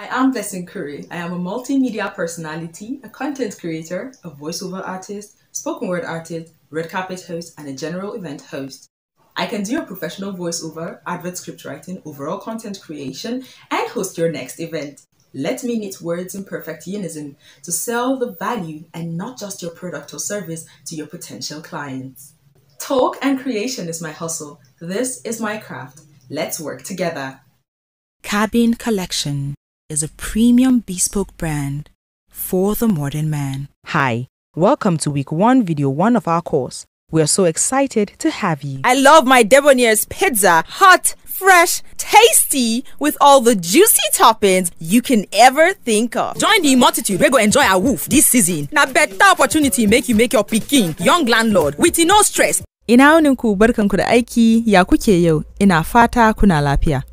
I am Blessing Curry. I am a multimedia personality, a content creator, a voiceover artist, spoken word artist, red carpet host, and a general event host. I can do your professional voiceover, advert script writing, overall content creation, and host your next event. Let me knit words in perfect unison to sell the value and not just your product or service to your potential clients. Talk and creation is my hustle. This is my craft. Let's work together. Cabin Collection is a premium bespoke brand for the modern man. Hi, welcome to week one, video one of our course. We are so excited to have you. I love my Debonair's pizza, hot, fresh, tasty, with all the juicy toppings you can ever think of. Join the multitude. We go enjoy our woof this season. Now better opportunity make you make your picking, young landlord, with no stress. Ina wuninku barkanku da aiki ya kuke yau, ina fata kuna lafiya.